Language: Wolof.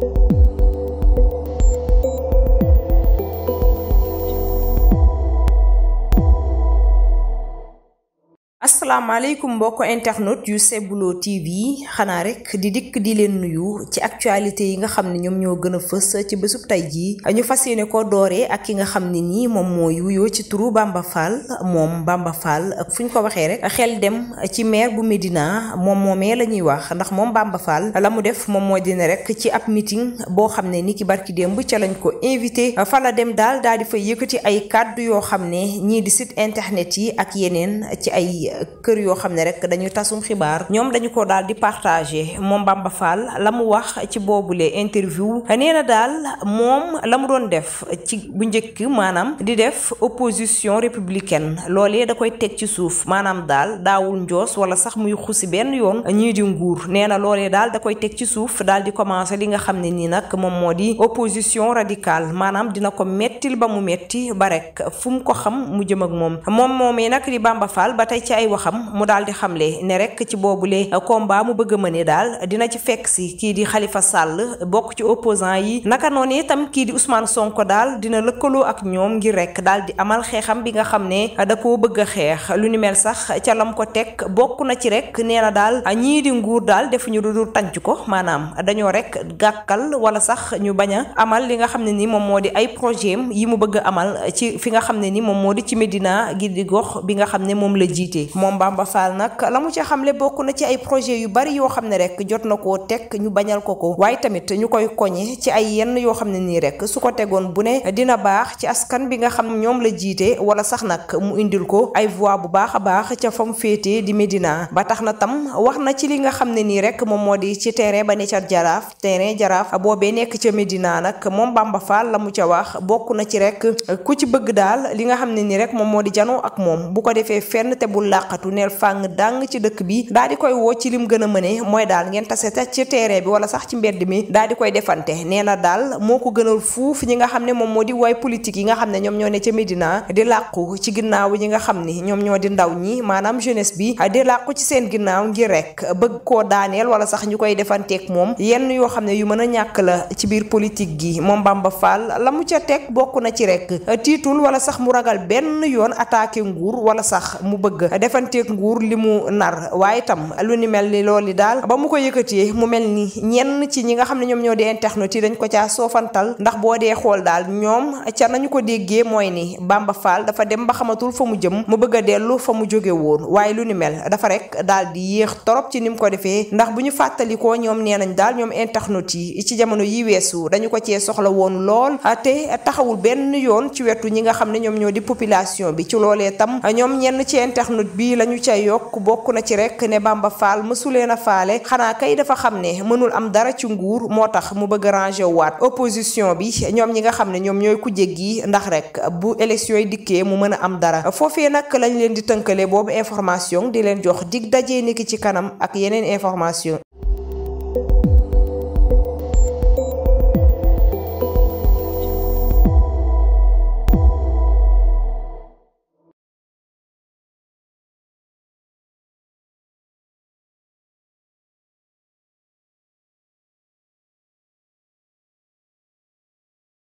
Thank you. asalaamaaleykum mbokk internet yu Sebuloo TV xanaa rek di dikk di leen nuyu ci actualité yi nga xam ne ñoom ñoo gën a fës ci bésub tey jii ñu fas yéene ko dooree ak ki nga xam ne nii moom mooy wuyoo ci turu Bamba Fall moom Bamba Fall fu ñu ko waxee rek xel dem ci maire bu Médina moom moomee la ñuy wax ndax moom Bamba Fall la mu def moom moo dina rek ci ab meeting boo xam ne ni ki barki démb ca lañ ko invité fa la dem daal daal di fa yëkkati ay kàddu yoo xam ne ñii di site internet yi ak yeneen ci ay kër yoo xam ne rek dañuy tasum xibaar ñoom dañu ko daal di partagé moom Bamba Fall la mu wax ci interview nee Dal, daal moom la mu doon def ci bu njëkk maanaam di def opposition républicaine loolee da koy teg ci suuf maanaam daal daawul njoos wala sax muy xusi benn yoon ñii di nguur nee na loolee daal da koy teg ci suuf daal di commencé li nga xam ne nii nag moom moo opposition radicale maanaam dina ko mettil ba mu metti ba rek fu mu ko xam mu jëm ak moom moom moomee nag di Bamba Fall ba ci ay xam mu nerek di xamle ne rek ci boobule combat mu bëgg mëne dal dina ci fekk ci ki di khalifa sall bok ci opposant yi naka noné tam ki di ousmane sonko dal dina lëkkaloo ak ñom ngir rek dal di amal xexam bi nga xamne da ko bëgg xex lu ni mel sax ci lam ko tek bokku na ci rek neena dal ñi di nguur dal def ñu dudur tànc ko manam dañu rek gakkal wala sax ñu baña amal li nga xamne ni mom modi ay projet yi mu bëgg amal ci fi nga xamne ni mom modi ci medina gi di gox bi nga xamne mom la jité mom Bamba Fall nak lamu mu ca xamle bokk na ci ay projet yu bari yoo xam ne rek jot na koo teg ñu bañal ko ko waaye tamit ñu koy koñe ci ay yenn yoo xam ne rek su ko bu ne dina baax ci askan bi nga xam ñoom la wala sax nak mu indil ko ay voix bu baax a baax ca fam di Medina ba tax tam wax na ci li nga xam ne nii rek moom moo ci terrain ba ne ca jaraaf terrain jaraaf boobee nekk ca Medina nak mom Bamba Fall lamu mu ca wax bokk na ci rek ku ci bëgg daal li nga xam ne rek ak moom bu ko defee fenn te bu nel Fang dang dàng ci dëkk bi daa di koy woo ci lim gën a mëne mooy daal ngeen tase ta ci terrain bi wala sax ci mbedd mi daa di koy defante nee na daal moo ko gënal fuuf ñi nga xam ne moom moo di waay politique yi nga xam ne ñoom ñoo ne ca Medina di làqu ci ginnaaw ñi nga xam ni ñoom ñoo di ndaw ñi maanaam jeunesse bi di làqu ci seen ginnaaw ngir rek bëgg koo daaneel wala sax ñu koy defanteeg moom yenn yoo xam yu mën a la ci biir politique gi moom Bamba Fall la mu ca teg bokk na ci rek tiitul wala sax mu ragal benn yoon attaqué nguur wala sax mu bëgg defante ceeg nguur li mu nar waaye tam lu ni mel ni loolu daal ba mu ko yëkkatee mu mel ni ñenn ci ñi nga xam ne ñoom ñoo di internet yi dañ ko caa soofantal ndax boo dee xool daal ñoom ca nañu ko déggee mooy ni Bamba Fall dafa dem ba xamatul fa mu jëm mu bëgg a dellu fa mu jóge woon waaye lu ni dafa rek daal di yéex torop ci ni mu ko defee ndax bu ñu fàttalikoo ñoom nee nañ daal ñoom internet yi ci jamono yi weesu dañu ko cee soxla woon lool ah, te taxawul benn yoon ci wetu ñi nga xam ne ñoom ñoo di population bi ci loolee tam ñoom ñenn ci internet bi lañ lañu ca yokk bokk na ci rek ne Bamba Fall mësuleen a faale xanaa kay dafa xam ne mënul am dara ci nguur moo tax mu bëgg rangé waat opposition bi ñoom ñi nga xam ne ñoom ñooy kujje gi ndax rek bu élection yi dikkee mu mën a am dara foofee nag lañ leen di tënkale boobu information di leen jox dig dajee niki ci kanam ak yeneen information